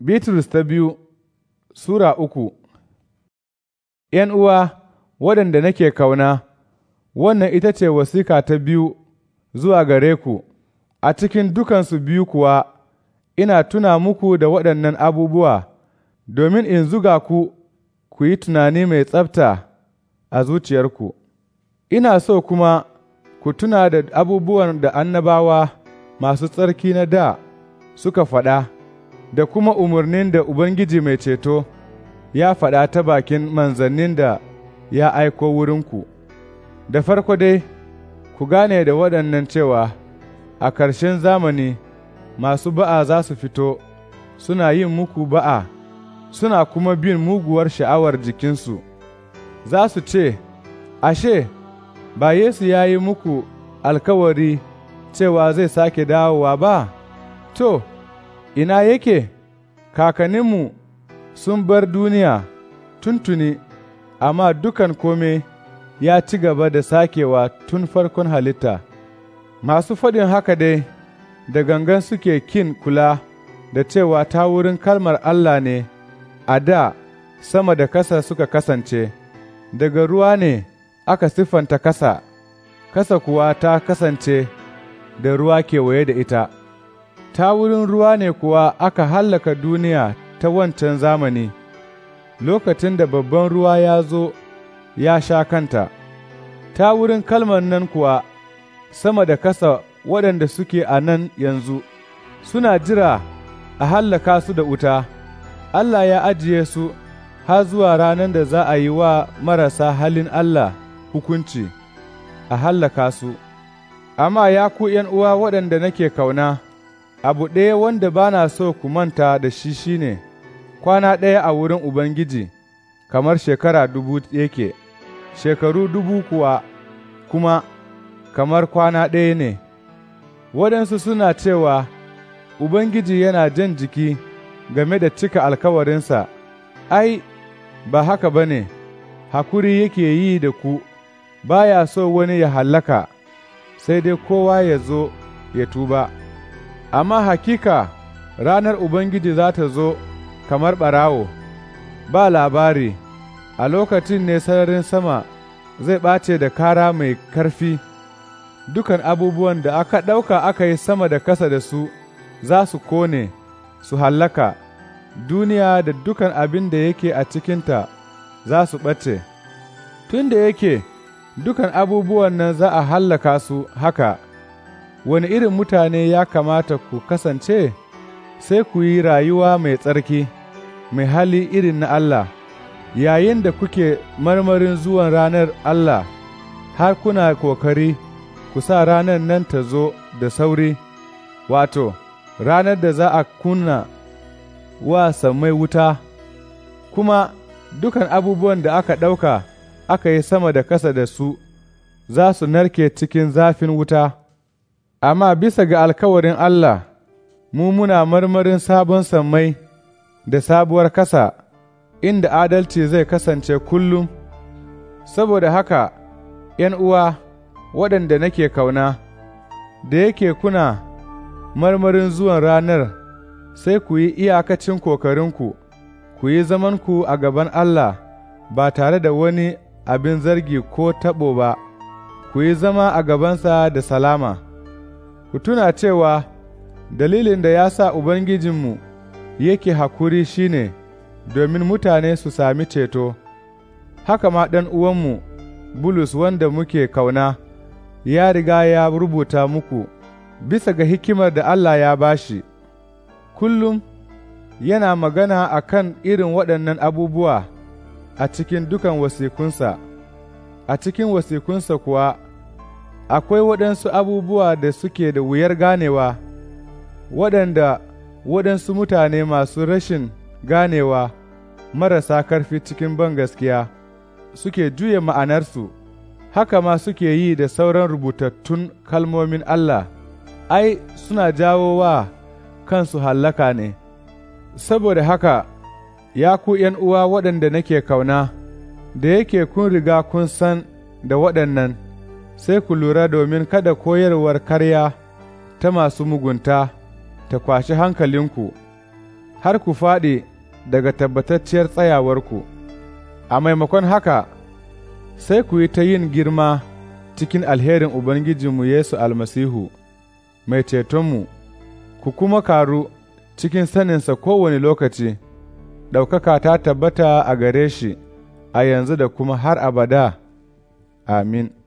Bitrus ta biyu Sura uku ’Yan uwa waɗanda nake kauna, wannan ita ce wasika ta biyu zuwa gare ku, a cikin dukansu biyu kuwa ina tuna muku da waɗannan abubuwa, domin in zuga ku ku yi tunani mai tsafta a zuciyarku. Ina so kuma ku tuna da abubuwan da annabawa masu tsarki na da suka faɗa. da kuma umarnin da Ubangiji Mai Ceto ya faɗa ta bakin manzannin da ya aiko wurinku. Da farko dai, ku gane da waɗannan cewa a ƙarshen zamani masu ba'a za su fito suna yin muku ba'a, suna kuma bin muguwar sha'awar jikinsu. Za su ce, Ashe, ba Yesu ya yi muku alkawari cewa zai sake dawowa ba? To, ina yake, kakanninmu sun bar duniya tuntuni, amma dukan kome ya ci gaba da sakewa tun farkon halitta. Masu faɗin haka dai, da gangan suke kin kula da cewa ta wurin kalmar Allah ne, a da sama da kasa suka kasance, daga ruwa ne aka siffanta kasa, kasa kuwa ta kasance da ruwa kewaye da ita. ta wurin ruwa ne kuwa aka hallaka duniya ta wancan zamani, lokacin da babban ruwa ya zo ya sha kanta, ta wurin kalmar nan kuwa sama da kasa waɗanda suke a nan yanzu, suna jira a hallaka su da wuta, Allah ya ajiye su har zuwa ranar da za a yi wa marasa halin Allah hukunci a hallaka su, amma ya ku uwa waɗanda nake kauna. Abu ɗaya wanda ba na so ku manta da shi shi ne, kwana ɗaya a wurin Ubangiji kamar shekara dubu yake, shekaru dubu kuwa kuma kamar kwana ɗaya ne. Waɗansu suna cewa, Ubangiji yana jan jiki game da cika alkawarinsa, ai, ba haka ba ne, hakuri yake yi da ku, ba ya so wani ya hallaka, sai dai kowa ya zo ya tuba. amma hakika ranar Ubangiji za ta zo kamar ɓarawo, ba labari, a lokacin ne sararin sama zai ɓace da kara mai karfi, dukan abubuwan da aka ɗauka aka yi sama da kasa da su za su kone, su hallaka, duniya da dukan abin da yake a cikinta za su ɓace, tun da yake dukan abubuwan nan za a hallaka su haka. wani irin mutane ya kamata ku kasance, sai ku yi rayuwa mai tsarki, mai hali irin na Allah, yayin da kuke marmarin zuwan ranar Allah, har kuna kokari ku sa ranar nan ta zo da sauri, wato, ranar da za a kunna wa samai wuta, kuma dukan abubuwan da aka ɗauka aka yi sama da kasa da su, za su narke cikin zafin wuta. amma bisa ga alkawarin Allah, mu muna marmarin sabon sammai da sabuwar kasa, inda adalci zai kasance kullum, saboda haka, ’yan uwa waɗanda nake kauna, da yake kuna marmarin zuwan ranar, sai ku yi iyakacin kokarinku, ku yi zamanku a gaban Allah ba tare da wani abin zargi ko taɓo ba, ku yi zama a gabansa da salama. ku tuna cewa dalilin da ya sa Ubangijinmu yake hakuri ne domin mutane su sami ceto, haka ma ɗan uwanmu Bulus wanda muke kauna ya riga ya rubuta muku bisa ga hikimar da Allah ya bashi, kullum yana magana a kan irin waɗannan abubuwa a cikin dukan wasikunsa, a cikin wasikunsa kuwa. akwai waɗansu abubuwa da suke da wuyar ganewa, waɗanda waɗansu mutane masu rashin ganewa marasa ƙarfi cikin ban gaskiya suke juya ma'anarsu, haka ma suke yi da sauran rubutattun kalmomin Allah, ai, suna jawo wa kansu hallaka ne. Saboda haka, ya ku uwa waɗanda nake kauna, da yake kun riga kun san da waɗannan. sai ku lura domin kada koyarwar karya ta masu mugunta ta kwashi hankalinku, har ku faɗi daga tabbatacciyar tsayawarku, a maimakon haka sai ku yi ta yin girma cikin alherin Ubangijinmu Yesu almasihu, mai cetonmu, ku kuma karu cikin saninsa kowane lokaci, ɗaukaka ta tabbata a gare shi, a yanzu da kuma har abada. Amin.